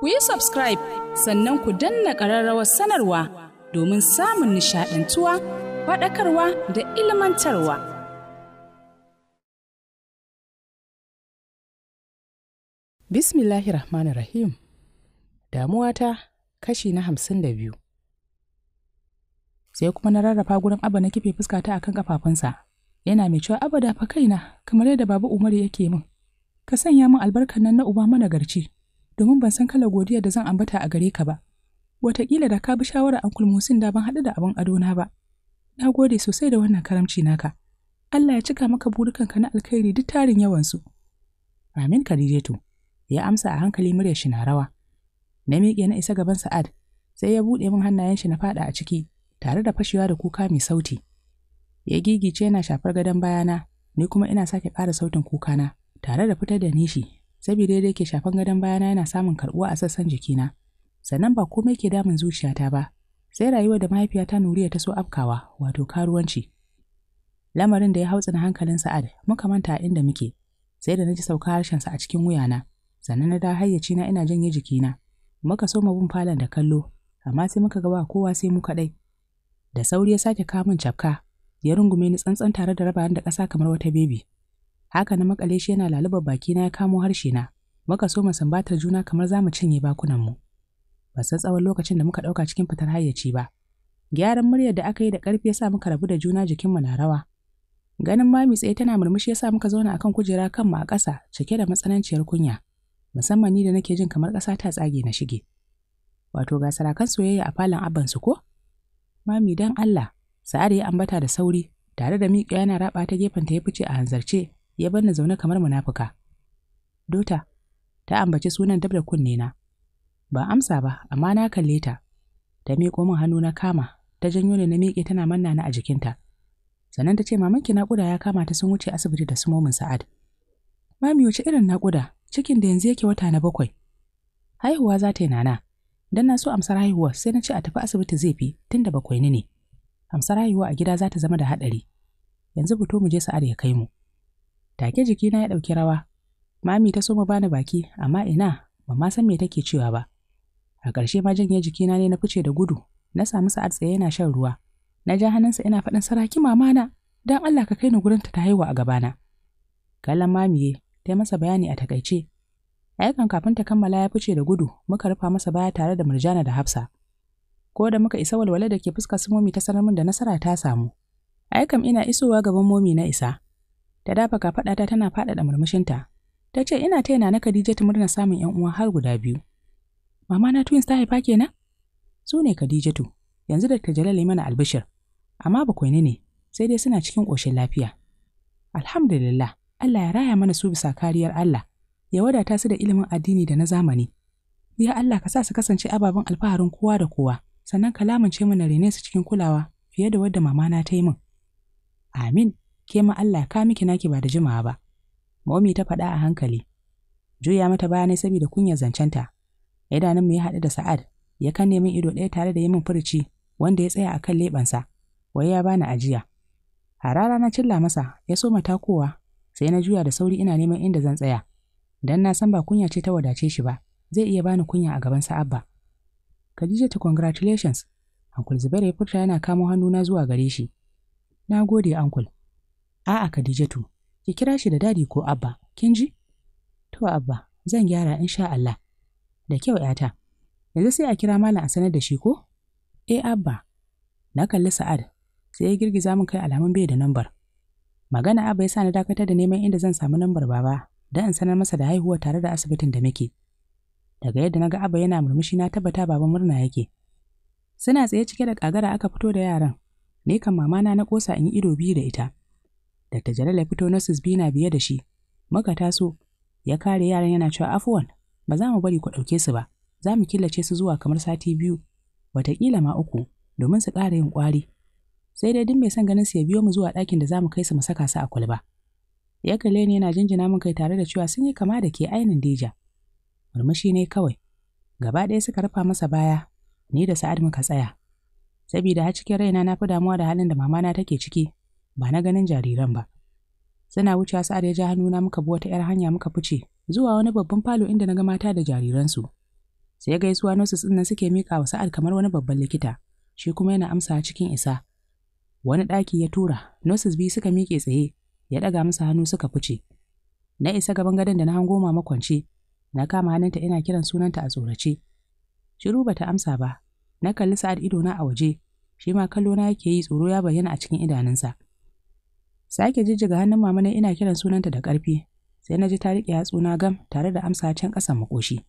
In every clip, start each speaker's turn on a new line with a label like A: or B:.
A: ku yi subscribe sannan ku danna ƙararrawar sanarwa domin samun nishaɗantuwa faɗakarwa da ilmantarwa. Bismillahirrahmanirrahim Rahim Damuwata kashi na hamsin da biyu. Sai kuma na rarrafa gurin abu na kife fuskata akan kafafunsa, yana mai cewa abada fa kaina kamar yadda babu Umar yake min. Ka sanya min albarkar nan na uba mana garci. domin ban san kalar godiya da zan ambata a gare ka ba. Wataƙila da ka bi shawarar Uncle Musin da ban haɗu da abin na ba. Na gode sosai da wannan karamci naka. Allah ya cika maka burukanka na alkhairi duk tarin yawansu. Amin Khadijatu. Ya amsa a hankali murya shi na rawa. Na miƙe na isa gaban Sa'ad, sai ya buɗe min hannayen shi na faɗa a ciki, tare da fashewa da kuka mai sauti. Ya gigice yana shafar gadon bayana, ni kuma ina sake ƙara sautin kukana, tare da fitar da nishi saboda da yake shafan gadon bayana yana samun karɓuwa a sassan jikina sannan ba komai ke damun zuciyata ba sai rayuwa da mahaifiyata nuriya ta so afkawa wato karuwanci lamarin da ya hautsina hankalin sa'ad muka manta a inda muke sai da na ji sauka harshensa a cikin wuyana sannan na da hayyaci na ina janye jikina muka so mu bin falon da kallo amma sai muka ga ba kowa sai mu kaɗai da sauri ya sake kamun cafka ya rungume ni tsantsan tare da raba da ƙasa kamar wata bebi Haka na makale shi yana lalubar bakina ya kamo harshe na. Muka so mu sambatar juna kamar za mu cinye mu. Ba san tsawon lokacin da muka ɗauka cikin fitar hayyaci ba. Gyaran muryar da aka yi da karfi ya sa muka rabu da juna jikinmu na rawa. Ganin mami tsaye tana murmushi ya sa muka zauna akan kujera kanmu a ƙasa cike da matsananciyar kunya. Musamman ni da nake jin kamar ƙasa ta tsage na shige. Wato ga sarakan soyayya a falon su ko? Mami dan Allah, da ya ambata da sauri, tare da miƙa yana raɓa ta gefen ta ya fice a hanzarce ya bar ni zaune kamar munafuka. Dota, ta ambaci sunan dab da kunne na. Ba amsa ba, amma na kalle ta. Ta miƙo min hannu na kama, ta janyo ni na miƙe tana manna ni a jikinta. Sannan ta ce mamanki naƙuda ya kama ta sun wuce asibiti da sumomin Sa'ad. Mami wuce irin naƙuda, cikin da yanzu yake wata na bakwai. Haihuwa za ta yi nana. Dan na so amsar haihuwa sai na ce a tafi asibiti zai fi tun da bakwai ni ne. Amsar haihuwa a gida za ta zama da haɗari. Yanzu fito mu je Sa'ad ya kai mu. Take jikina ya ɗauki rawa. Mami ta so mu bani baki, amma ina, ba ma san me take cewa ba. A ƙarshe ma janye na ne na fice da gudu, na sami sa'ad tsaye yana shan ruwa. Na ja hannunsa ina faɗin saraki mamana, don Allah ka kai ni gurin ta haihuwa a gabana. Kallon mamiye, ta masa bayani a takaice. Ayyukan kafin ta kammala ya fice da gudu, muka rufa masa baya tare da murjana da hafsa. Ko da muka isa walwale da ke fuskar su momi ta sanar min da nasara ta samu. Ai ina isowa gaban momi na isa, ta dafa kafaɗata tana faɗaɗa murmushinta. Ta ce ina taya na Khadija ta murna samun 'yan uwa har guda biyu. Mama na twins ta haifa kenan? Su ne Khadijatu, yanzu da ta jalale mana albishir. Amma bakwai ne, ne, sai dai suna cikin ƙoshin lafiya. Alhamdulillah, Allah ya raya mana su bisa kariyar Allah, ya wadata su da ilimin addini da na zamani. Ya Allah ka sa su kasance ababen alfaharin kowa da kowa, sannan ka lamunce mana rene su cikin kulawa fiye da wadda mama na ta yi min. Amin. ke ma Allah ka miki naki ba da jimawa ba. Momi ta faɗa a hankali. Juya mata baya ne saboda kunyar zancenta. mu ya haɗu da Sa'ad, ya kan min ido ɗaya tare da yi min furci wanda ya tsaya a kan leɓensa, wai ya bani ajiya. Harara na cilla masa, ya so mata kowa sai na juya da sauri ina neman inda zan tsaya. Dan na san ba kunya ce ta wadace shi ba, zai iya bani kunya a gaban Sa'ad ba. Khadija ta congratulations, Uncle Zubair ya furta yana kamo hannuna zuwa gare shi. Na gode, Uncle. A'a Khadijatu, ki kira shi da dadi ko abba, kin ji? To abba, zan gyara insha Allah. Da kyau ‘yata, yanzu sai a kira malam a sanar da shi ko? Eh abba, na kalli Sa'ad, sai ya girgiza min kai alamun bai da nambar. Magana abba ya sa na dakatar da neman inda zan samu nambar baba, don in sanar masa da haihuwa tare da asibitin da muke. Daga yadda na ga abba yana murmushi na tabbata baba murna yake. Suna tsaye cike da kagara aka fito da yaran, ni kan mamana na kosa in yi ido biyu da ita. Dr. Jalal ya fito Nurses biyu na biye da shi. Muka taso, ya kare yaran yana cewa afuwan, ba za mu bari ku ɗauke su ba, za mu killace su zuwa kamar sati biyu, wataƙila ma uku, domin su ƙara yin ƙwari. Sai dai duk mai son ganin su ya biyo mu zuwa ɗakin da za mu kai su mu saka su a kwalba. Ya kalle ni yana jinjina min kai tare da cewa sun yi kama da ke ainin Deja. Murmushi ne kawai. Gaba ɗaya suka rufa masa baya, ni da Sa'ad muka tsaya. Sabida har cikin raina na fi damuwa da halin da mamana take ciki, ba na ganin jariran ba suna wucewa sa'ad ya ja hannuna muka bi wata 'yar hanya muka fice zuwa wani babban falo inda na ga mata da jariransu sai gaisuwa nurses ɗin nan suke miƙa wa sa'ad kamar wani babban likita shi kuma yana amsa cikin isa wani ɗaki ya tura nurses biyu suka miƙe tsaye ya ɗaga masa hannu suka fice na isa gaban gadon da na hango mama kwance na kama hannunta ina kiran sunanta a tsorace shiru bata amsa ba na kalli sa'ad idona a waje shi ma kallo na yake yi tsoro ya bayyana a cikin idanunsa. Sake jijjiga hannun mama na ina kiran sunanta da ƙarfi, sai na ji ta riƙe yatsuna gam tare da amsa can ƙasan makoshi.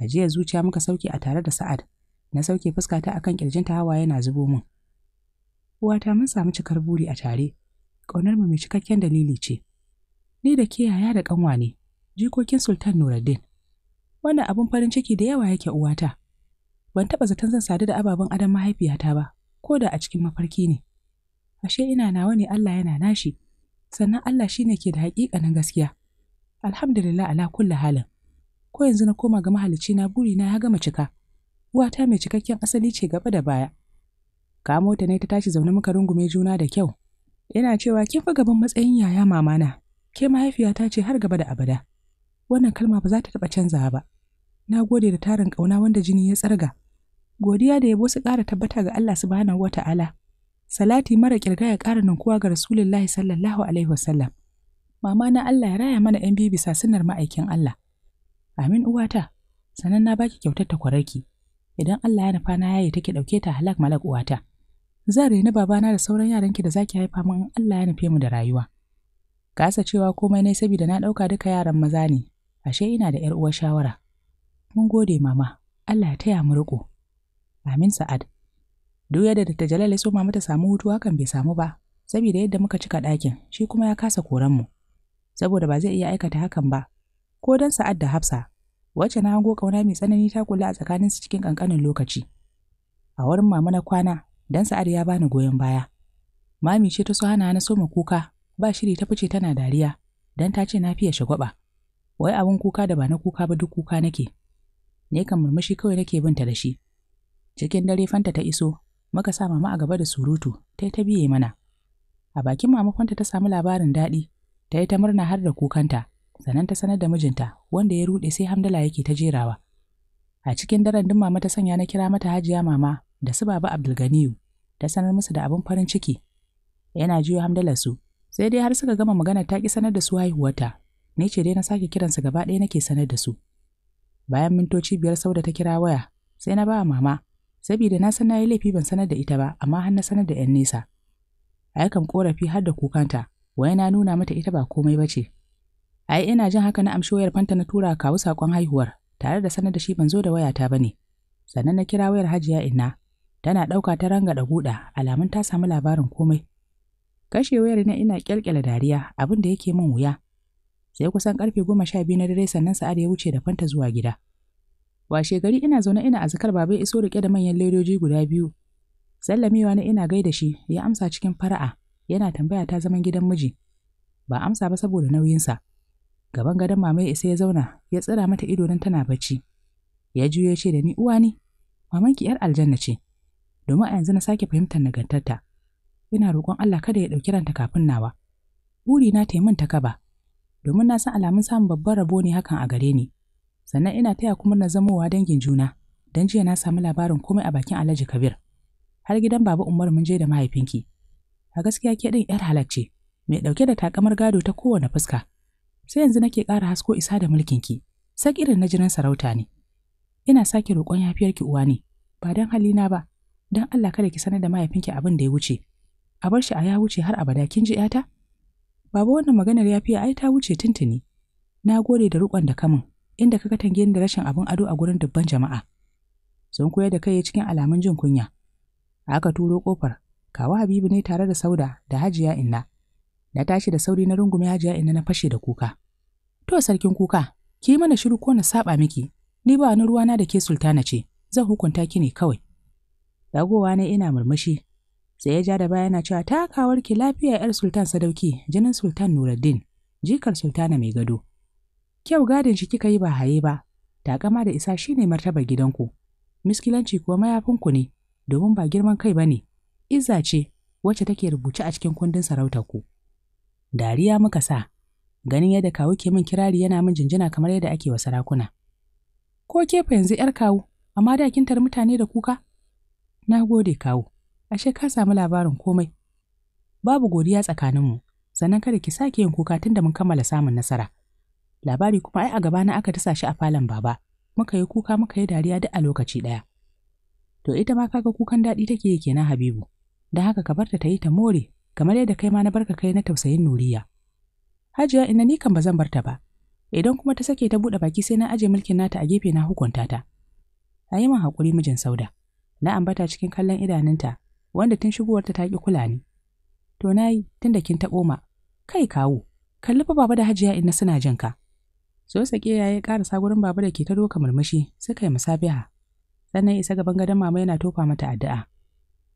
A: Ajiya zuciya muka sauke a tare da Sa'ad, na sauke fuska ta akan ta hawa yana zubo min. Uwata mun samu cikar buri a tare, ƙaunar mu mai cikakken dalili ce. Ni da ke yaya da ƙanwa ne, jikokin Sultan nuraddin Wannan abin farin ciki da yawa yake uwata. Ban taɓa zaton zan sadu da ababen adon mahaifiyata ba, ko da a cikin mafarki ne. ashe ina nawa ne Allah yana nashi sannan Allah shine ke da na gaskiya alhamdulillah ala kulli halin ko yanzu na koma ga mahalicci na buri na ya gama cika uwata mai cikakken asali ce gaba da baya kamo ta ne ta tashi zaune muka rungume juna da kyau Ina cewa kin fa gaban matsayin yaya mamana ke mahaifiyata ce har gaba da abada wannan kalma ba za ta taɓa canzawa ba na gode da tarin ƙauna wanda jini ya tsarga godiya da yabo su ƙara tabbata ga Allah subhanahu wata'ala salati mara kirga ya ƙara ninkuwa ga rasulullahi sallallahu alaihi wasallam mama na Allah ya raya mana 'yan biyu bisa sunar ma'aikin Allah amin uwata sanan na baki kyautar ta kwararki idan Allah ya nufa na yayi take dauke ta halak malak uwata zan raina babana da sauran yaran ki da zaki haifa min Allah ya nufe mu da rayuwa kasa cewa komai ne saboda na ɗauka duka yaran maza ne ashe ina da yar uwar shawara mun gode mama Allah ya taya mu riko amin sa'ad Duk yadda da Jalal ya so mama ta samu hutu hakan bai samu ba, saboda yadda muka cika ɗakin, shi kuma ya kasa koran mu. Saboda ba zai iya aikata hakan ba. Ko dan Sa'ad da Hafsa, wacce na hango kauna mai tsanani ta kula a tsakanin su cikin kankanin lokaci. A wurin mama na kwana, dan Sa'ad ya bani goyon baya. Mami ce ta so hana na soma kuka, ba shiri ta fice tana dariya, dan ta ce na fiye shagwaba. Wai abin kuka da ba na kuka ba duk kuka nake. Ne kan murmushi kawai nake binta da shi. Cikin dare fanta ta iso, muka sa mama a gaba da surutu ta yi ta biye mana a bakin mamakonta ta samu labarin daɗi ta yi ta murna har da kukanta sannan ta sanar da mijinta wanda ya ruɗe sai hamdala yake ta jerawa a cikin daren din mama ta sanya na kira mata hajiya mama da su baba abdulganiyu ta sanar musu da abin farin ciki yana jiyo hamdalar su sai dai har suka gama magana ta ki sanar da su haihuwarta ni ce dai na sake kiransu gaba ɗaya nake sanar da su bayan mintoci biyar sau da ta kira waya sai na ba mama saboda na san na yi laifi ban sanar da ita ba, amma har na sanar da 'yan nesa. A yakan korafi har da kukanta, wai na nuna mata ita ba komai bace ce. Ai ina jin haka na amshi wayar fanta na tura kawu sakon haihuwar, tare da sanar da shi ban zo da wayata ba ne. Sannan na kira wayar hajiya inna, tana ɗauka ta ranga da guda, alamun ta samu labarin komai. Kashe wayar na ina kyalkyala dariya, abin da yake min wuya. Sai kusan karfe goma sha biyu na dare sannan Sa'ad ya wuce da fanta zuwa gida. Washe gari ina zaune ina azkar baba ya iso rike da manyan ledoji guda biyu. Sallamewa na ina gaida shi ya amsa cikin fara'a yana tambaya ta zaman gidan miji. Ba amsa ba saboda nauyinsa. Gaban gadon mama ya isa ya zauna ya tsira mata ido don tana bacci. Ya juyo ce da ni uwa ne, mamanki ‘yar aljanna ce, domin a yanzu na sake fahimtar nagantarta Ina roƙon Allah kada ya ɗauki ranta kafin nawa. Burina ta yi min takaba, domin na san alamun samun babban rabo ne hakan a gare ni. sannan ina taya na na zamowa dangin juna don jiya na samu labarin komai a bakin Alhaji Kabir har gidan Baba Umar mun je da mahaifinki a gaskiya ke din yar halacce mai dauke da takamar gado ta kowane fuska sai yanzu nake ƙara hasko isa da mulkin ki. sak irin na jiran sarauta ne ina sake roƙon yafiyarki uwa ne ba don halina ba don Allah kada ki sanar da mahaifinki abin da ya wuce a bar shi a ya wuce har abada kin ji yata baba wannan maganar yafiya ai ta wuce tuntuni na gode da rukon da kamun inda ka katange da rashin abin ado a gurin dubban jama'a. Sun koyar da kai cikin alamun jin kunya. Aka turo kofar, kawo Habibu ne tare da Sauda da Hajiya Inna. Na tashi da sauri na rungume Hajiya Inna na fashe da kuka. To sarkin kuka, ki mana shiru ko na saba miki. Ni ba wani ruwana da ke sultana ce, zan hukunta ki ne kawai. Dagowa ne ina murmushi, sai ya ja da baya yana cewa takawarki lafiya 'yar sultan sadauki jinin sultan Nuruddin, jikar sultana mai gado. Kyau gadin shi kika yi ba haye ba, takama da isa shine martaba gidanku. Miskilanci kuwa mayafinku ne, domin ba girman kai ba ne, izza ce wacce take rubuce a cikin kundin ku. Dariya muka sa, ganin yadda kawu ke min kirari yana min jinjina kamar yadda ake wa sarakuna. Ko kefa yanzu ‘yar kawu, amma da kin tar mutane da kuka? Na gode kawu, ashe ka samu labarin komai. Babu godiya tsakaninmu, sannan kada ki sake yin kuka tunda da mun kammala samun nasara. labari kuma ai a gabana aka tasa shi a falon baba muka yi kuka muka yi dariya duk a lokaci ɗaya to ita ma kaga kukan daɗi take yi kenan habibu don haka ka barta ta yi ta more kamar yadda kai ma na barka kai na tausayin nuriya hajiya ina ni kan ba zan barta ba idan kuma ta sake ta buɗe baki sai na aje mulkin nata a gefe na hukunta ta a yi min haƙuri mijin sauda na ambata cikin kallon idanunta wanda tun shigowarta ta ƙi kula ni to na yi tun kin taɓo ma kai kawo kalli fa baba da hajiya ina suna jin ka so sake ya yi karasa gurin baba da ke ta doka murmushi suka yi musabiha sannan isa gaban gadon mama yana tofa mata addu'a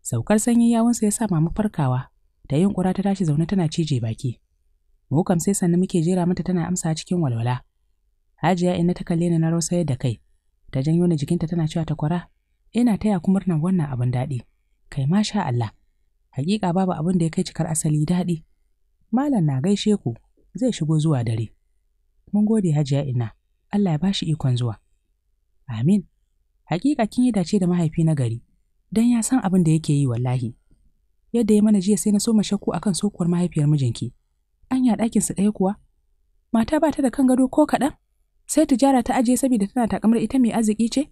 A: saukar sanyi yawunsa ya sa mama farkawa da yin kura ta tashi zaune tana cije baki mu kam sai sannan muke jera mata tana amsa cikin walwala hajiya ina ta kalle ni na rausayar da kai ta janyo ni jikinta tana cewa ta kwara ina taya ku murnar wannan abin daɗi kai ma sha Allah hakika babu abin da ya kai cikar asali daɗi malam na gaishe ku zai shigo zuwa dare Mun gode Hajiya ina, Allah ya ba shi ikon zuwa. Amin. Hakika kin yi dace da mahaifi na gari, Dan ya san abin da yake yi wallahi. Yadda ya mana jiya sai na so shakku akan sokuwar mahaifiyar mijinki. An ya su ɗaya kuwa? Mata ba ta da kan gado ko kaɗan? Sai tijara ta ajiye saboda tana takamar ita mai arziki ce?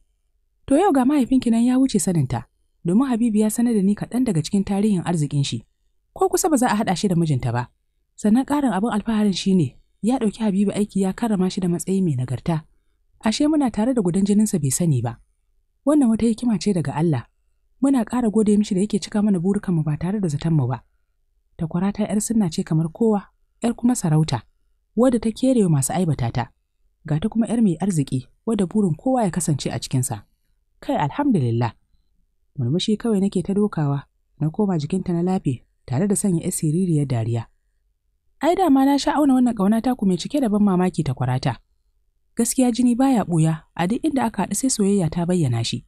A: To yau ga mahaifinki nan ya wuce saninta, domin Habibu ya sanar da ni kaɗan daga cikin tarihin arzikin shi. Ko kusa ba za a haɗa shi da mijinta ba. Sannan ƙarin abin alfaharin shi ne ya ɗauki Habibu aiki ya karrama shi da matsayi mai nagarta. Ashe muna tare da gudan jininsa bai sani ba. Wannan wata hikima ce daga Allah. Muna ƙara gode mishi da yake cika mana burukanmu ba tare da zaton mu ba. Takwara ta 'yar sunna ce kamar kowa, 'yar kuma sarauta, wadda ta kere wa masu aibata ta. Ga ta kuma 'yar mai arziki, wadda burin kowa ya kasance a cikinsa. Kai alhamdulillah. Murmushi kawai nake ta dokawa, na koma jikinta na lafe tare da sanya 'yar siririyar dariya. Ai da ma na sha auna wannan ƙauna taku mai cike da ban mamaki ta kwarata. Gaskiya jini baya ɓuya a duk inda aka haɗu sai soyayya ta bayyana shi.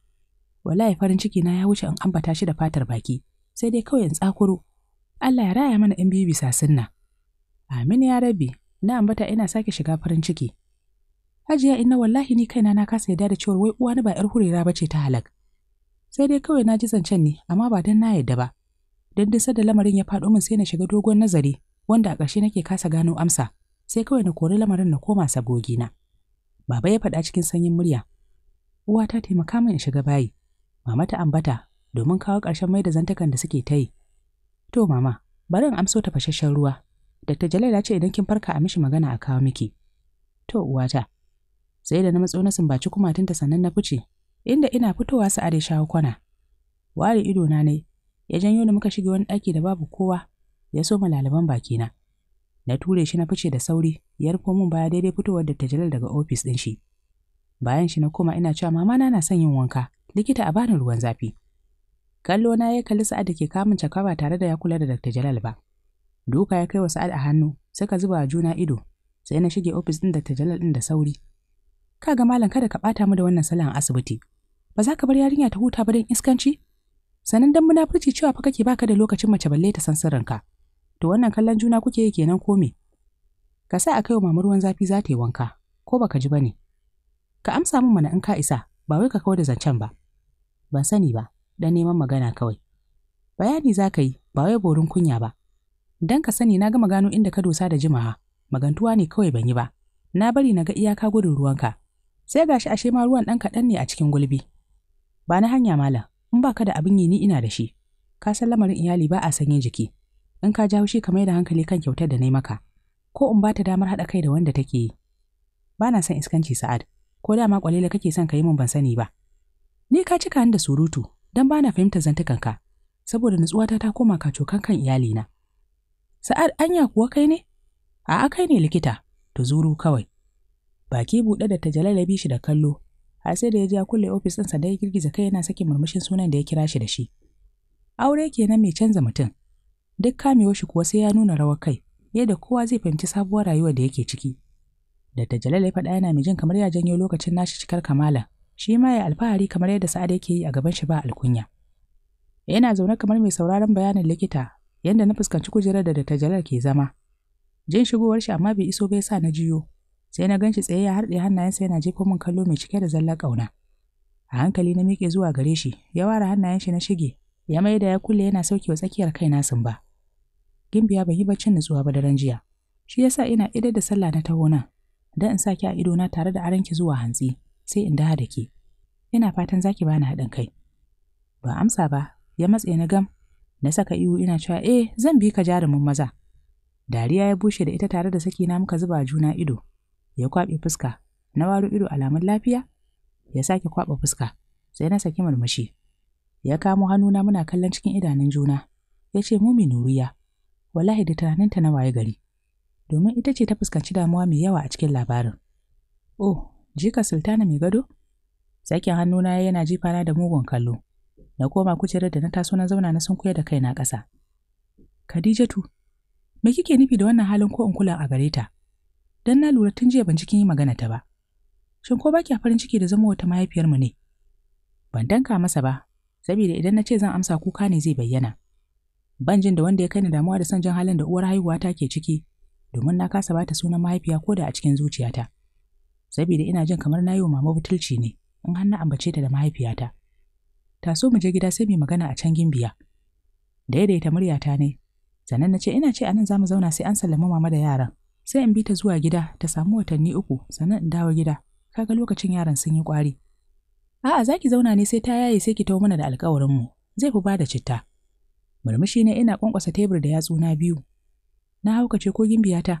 A: Wallahi farin ciki na ya wuce in ambata shi da fatar baki, sai dai kawai in tsakuro. Allah ya raya mana in biyu bisa sunna. Amin ya rabi, na ambata ina sake shiga farin ciki. Hajiya inna wallahi ni kaina na kasa yarda da cewa wai uwa ba ‘yar hurera ba ce ta halak. Sai dai kawai na ji zancen ne, amma ba don na yadda ba. Don duk da lamarin ya faɗo min sai na shiga dogon nazari wanda a ƙarshe nake kasa gano amsa, sai kawai na kori lamarin na koma na. Baba ya faɗa cikin sanyin murya, Uwa ta taimaka min in shiga bayi, mama ta ambata domin kawo ƙarshen mai da zantakan da suke ta yi. To mama, bari in amso tafasasshen ruwa. Dr. Jalal ya ce idan kin farka a mishi magana a kawo miki. To uwata, sai da na matso na sumbaci ta sannan na fice, inda ina fitowa Sa'a ya shawo kwana. Ware ido na ne, ya janyo da muka shige wani ɗaki da babu kowa, ya so lalaban bakina. Na ture shi na fice da sauri, ya rufo min baya daidai fitowar da tajalal daga ofis ɗin shi. Bayan shi na koma ina cewa mama na na son yin wanka, likita a bani ruwan zafi. Kallo na ya kalli sa'ad da ke kamun cakawa tare da ya kula da Dr. Jalal ba. Duka ya kai wa sa'ad a hannu, suka zuba juna ido, sai na shige ofis ɗin Dr. Jalal ɗin da sauri. Ka ga malam kada ka ɓata mu da wannan salon asibiti. Ba za ka bar yarinya ta huta ba don iskanci? Sanin dan furci cewa fa kake baka da lokacin mace balle ta san sirrinka. To wannan kallon juna kuke yi kenan ko me? Ka sa a kai wa mama ruwan zafi za ta yi wanka, ko baka ji bane Ka amsa min mana in ka isa, ba wai ka kawo da zancen ba. Ban sani ba, dan neman magana kawai. Bayani za ka yi, ba wai borin kunya ba. Dan ka sani na gama gano inda ka dosa da jimaha, magantuwa ne kawai ban yi ba. Na bari na ga iyaka gudun ruwanka. Sai gashi ashe ma ruwan ɗan kaɗan ne a cikin gulbi. Ba na hanya malam, in ba ka da abin yi ni ina da shi. Ka san lamarin iyali ba a sanyin jiki. in ka ji haushi ka mai da hankali kan kyautar da na maka ko in ba ta damar haɗa kai da wanda take yi ba na son iskanci sa'ad ko dama kwalila kake son ka yi min ban sani ba ni ka cika ni da surutu don ba na fahimtar zantukanka saboda nutsuwata ta koma ka cokan kan iyalina sa'ad anya kuwa kai ne a'a kai ne likita to zuru kawai baki buɗe da tajalala bi shi da kallo har sai da ya je ya kulle ofis ɗinsa da ya girgiza kai yana sakin murmushin sunan da ya kira shi da shi aure kenan mai canza mutum duk kamewar shi kuwa sai ya nuna rawar kai yadda kowa zai fahimci sabuwar rayuwar da yake ciki da jalala ya faɗa yana mai jin kamar ya janyo lokacin nashi cikar kamala shi ma ya alfahari kamar yadda Sa'ada yake yi a gaban shi ba alkunya yana zaune kamar mai sauraron bayanin likita yadda na fuskanci kujerar da ta jalala ke zama jin shigowar shi amma bai iso bai sa na jiyo sai na ganshi tsaye ya harɗe hannayensa yana jefo min kallo mai cike da zallar ƙauna a hankali na miƙe zuwa gare shi ya ware hannayen shi na shige ya maida ya kulle yana sauke wa tsakiyar na sun ba Gimbiya bai yi baccin nutsuwa ba daren jiya. Shi yasa ina idar da sallah na taho nan, dan in saki a a idona tare da aranki zuwa hantsi, sai in daha da ke. Ina fatan za ki bani haɗin kai. Ba amsa ba, ya matse na gam, na saka ihu ina cewa eh zan bi ka jarumin maza. Dariya ya bushe da ita tare da sakina muka zuba juna ido. Ya kwaɓe fuska, na waro ido alamun lafiya, ya sake kwaɓa fuska, sai na saki murmushi. Ya kamo hannuna muna kallon cikin idanun juna, ya ce mumin nuriya, wallahi da tunaninta na waye gari domin ita ce ta fuskanci damuwa mai yawa a cikin labarin oh jika sultana mai gado sakin hannuna yana jifana da mugun kallo na koma kujerar da na taso na zauna na sunkuya da kaina ƙasa khadijatu me kike nufi da wannan halin ko in kula a gare ta dan na lura tun jiya ban cikin yi magana ta ba shin ko baki farin ciki da zama wata mahaifiyarmu ne ban danka masa ba saboda idan na ce zan amsa kuka ne zai bayyana Banjin da wanda ya kai ni damuwa da son jin halin da uwar haihuwata ke ciki domin na kasa bata sunan mahaifiya ko da a cikin zuciyata saboda ina jin kamar na yi wa mama butulci ne in har ambace ta da mahaifiyata ta so mu je gida sai mu magana a can gimbiya daidaita muryata ne sannan na ce ina ce anan zamu zauna sai an sallama mama da yaran sai in bi ta zuwa gida ta samu watanni uku sannan in dawo gida kaga lokacin yaran sun yi kwari a'a zaki zauna ne sai ta yaye sai ki tawo mana da alƙawarin mu zai fi bada citta murmushi na ina kwankwasa tebur da yatsu na biyu na haukace ko gimbiya ta?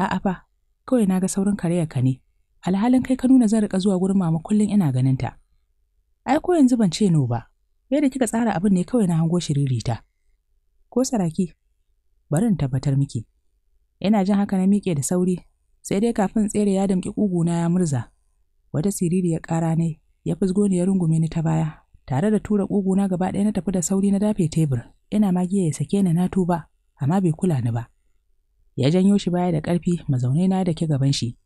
A: a'a fa kawai na ga saurin karayar ka ne alhalin kai ka nuna zan rika zuwa gurin mama kullum ina ganin ta ai ko yanzu ban ce no ba da kika tsara abin ne kawai na hango shiririta ko saraki bari in tabbatar miki ina jin haka na miƙe da sauri sai dai kafin tsere ya damƙi ƙuguna ya murza wata siririyar ƙara ne ya fusgo ni ya rungume ni ta baya tare da tura ƙuguna gaba ɗaya na tafi da sauri na dafe tebur ina magiya ya sake ni na tuba amma bai kula ni ba ya janyo shi baya da ƙarfi mazaune na da ke gaban shi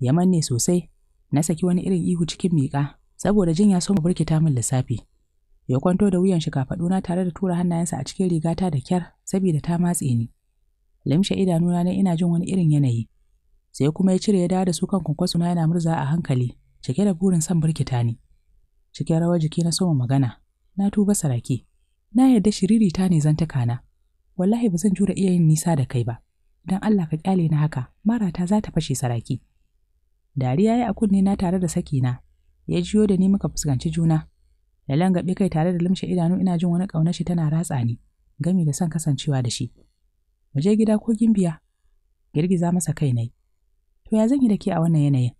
A: ya manne sosai na saki wani irin ihu cikin miƙa saboda jin ya so mu burkita min lissafi ya kwanto da wuyan shi na tare da tura hannayensa a cikin rigata da kyar saboda ta matse ni limshe idanuna na ina jin wani irin yanayi sai kuma ya cire ya dawo da su kan kwankwaso na yana murza a hankali cike da burin son birkita ni Cikin rawar jiki na soma magana, na tuba saraki. Na yarda shiriri ta ne zantaka na. Wallahi ba zan jura iya yin nisa da kai ba. Don Allah ka kyale ni haka, marata za ta fashe saraki. Dariya ya a kunne na tare da saki na. Ya jiyo da ni muka fuskanci juna. Da langabe kai tare da limshe idanu ina jin wani kauna shi tana ratsa ni, gami da son kasancewa da shi. Mu gida ko gimbiya? Girgiza masa kai nai. To ya zan yi da ke a wannan yanayin?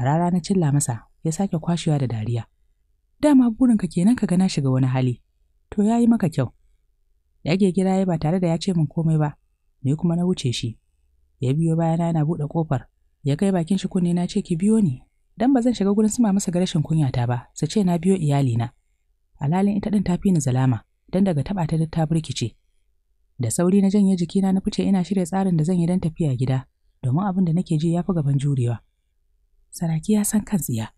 A: Harara na cilla masa, ya sake kwashewa da dariya. dama burinka kenan ka gana shiga wani hali to yayi maka kyau ɗage gida ya ba tare da ya ce min komai ba ni kuma na wuce shi ya biyo bayana yana buɗe kofar ya kai bakin shi kunne na ce ki biyo ni dan ba zan shiga gurin suma masa ga rashin kunyata ba su ce na biyo iyali na alhalin ita ɗin ta fi ni zalama dan daga taba ta ta birkice da sauri na janye jikina na fice ina shirya tsarin da zan yi dan tafiya gida domin abin da nake ji ya fi gaban jurewa saraki ya san kan tsiya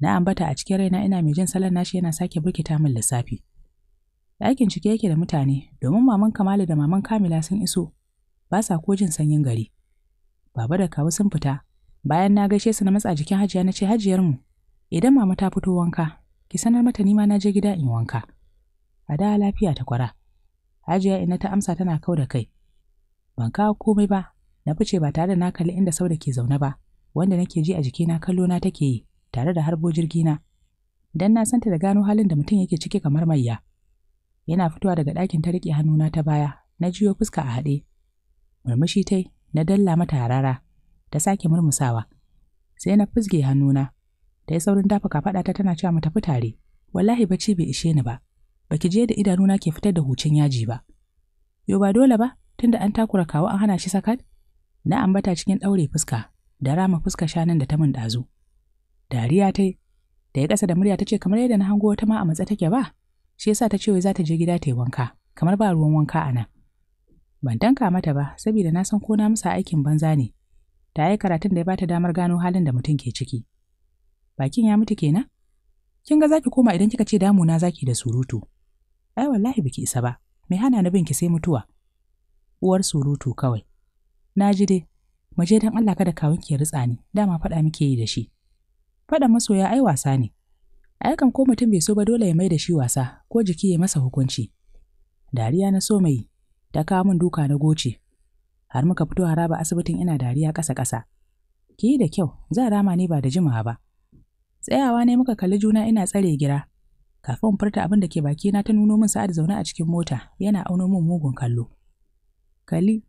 A: Na ambata a cikin raina ina mai jin salon nashi yana sake burkita min lissafi. Ɗakin cike yake da mutane domin maman Kamalu da maman Kamila sun iso, ba sa ko jin sanyin gari. Baba da kawu sun fita, bayan na gaishe su na matsa jikin hajiya na ce hajiyarmu, idan mama ta fito wanka, ki sanar mata nima na je gida in wanka. A da lafiya ta kwara. Hajiya ina ta amsa tana kau da kai. Ban kawo komai ba, na fice ba tare da na kalli inda sau da ke zaune ba, wanda nake ji a jikina kallo na take yi. tare da harbo na. don na santa da gano halin da mutum yake ciki kamar mayya. Yana fitowa daga ɗakin ta riƙe hannuna ta baya, na jiyo fuska a haɗe. Murmushi tai, na dalla mata harara, ta sake murmusawa. Sai na fizge hannuna, ta yi saurin dafa kafaɗa ta tana cewa mu tafi tare. wallahi bacci bai ishe ni ba, baki je da idanuna ke fitar da hucin yaji ba. Yo ba dole ba, tunda an takura kawo an hana shi sakat? Na ambata cikin ɗaure fuska, da rama fuska shanun da ta min ɗazu. dariya ta yi da ya ƙasa da murya ta ce kamar yadda na hango wata ma a matsa take ba shi yasa ta ce wai za ta je gida ta yi wanka kamar ba ruwan wanka a nan ban tanka mata ba saboda na san ko na musa aikin banza ne ta yi karatun da ya bata damar gano halin da mutum ke ciki bakin ya mutu kenan kin ga zaki koma idan kika ce damu damuna zaki da surutu ai wallahi biki isa ba mai hana na binki sai mutuwa uwar surutu kawai na ji dai mu je dan Allah kada kawun ki ritsa ni dama faɗa muke yi da shi faɗa masoya ai wasa ne A yakan ko mutum bai so ba dole ya mai da shi wasa ko jiki ya masa hukunci dariya na so mai ta kawo mun duka na goce har muka fito haraba asibitin ina dariya ƙasa-ƙasa ki yi da kyau za rama ne ba da jimawa ba tsayawa ne muka kalli juna ina tsare gira kafin furta abin da ke bakina ta nuno min sa'ad zaune a cikin mota yana auno min mugun kallo kalli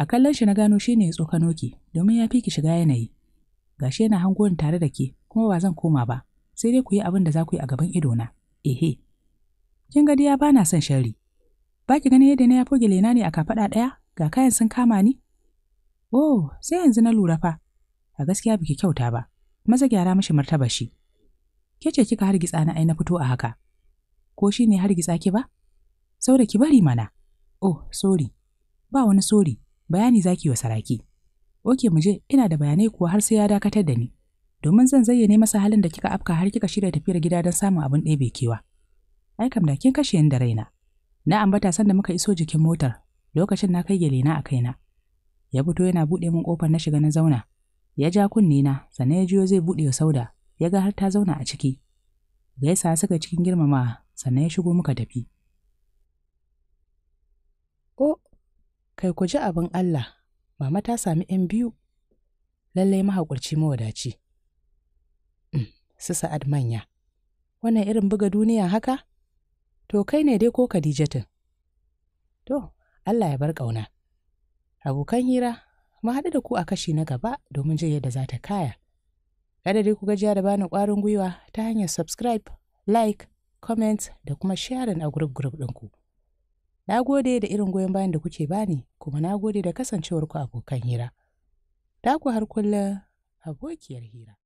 A: a kallon shi na gano shi ne ya tsokano ki domin ya fi ki shiga yanayi gashi yana hango tare da ke kuma ba zan koma ba sai dai ku yi abin da za ku yi a gaban idona ehe kin ga ba bana son sharri ba ki ganin yadda na ya foge lena ne a kafaɗa ɗaya ga kayan sun kama ni oh sai yanzu na lura fa a gaskiya biki kyauta ba maza gyara mashi martaba shi ke ce kika hargitsa na ai na fito a haka ko shi ne hargitsa ki ba da ki bari mana oh sorry ba wani sorry bayani zaki wa saraki oke mu je ina da bayanai kuwa har sai ya dakatar da ni domin zan zayyane masa halin da kika afka har kika shirya tafiyar gida don samun abin ɗebe kewa. Ai kam da kin kashe ni da raina. Na ambata san da muka iso jikin motar, lokacin na kai gelena a kaina. Ya fito yana buɗe min kofar na shiga na zauna. Ya ja kunne na, sannan ya jiyo zai buɗe wa sauda, ya ga har ta zauna a ciki. Gaisa suka cikin girmama, sannan ya shigo muka tafi. O, kai ku ji abin Allah, mama ta sami ‘yan biyu. Lallai mahaƙurci mawadaci. su sa'ad manya. Wannan irin buga duniya haka? To kai ne dai ko Khadijatin? To, Allah ya bar ƙauna. Abokan hira, mu haɗu da ku a kashi na gaba domin jin yadda za ta kaya. Kada dai ku gajiya da bani ƙwarin gwiwa ta hanyar subscribe, like, comment da kuma sharing a gurub gurub ɗinku. Na gode da irin goyon bayan da kuke bani, kuma na gode da kasancewarku abokan hira. Ta ku har kullum abokiyar hira.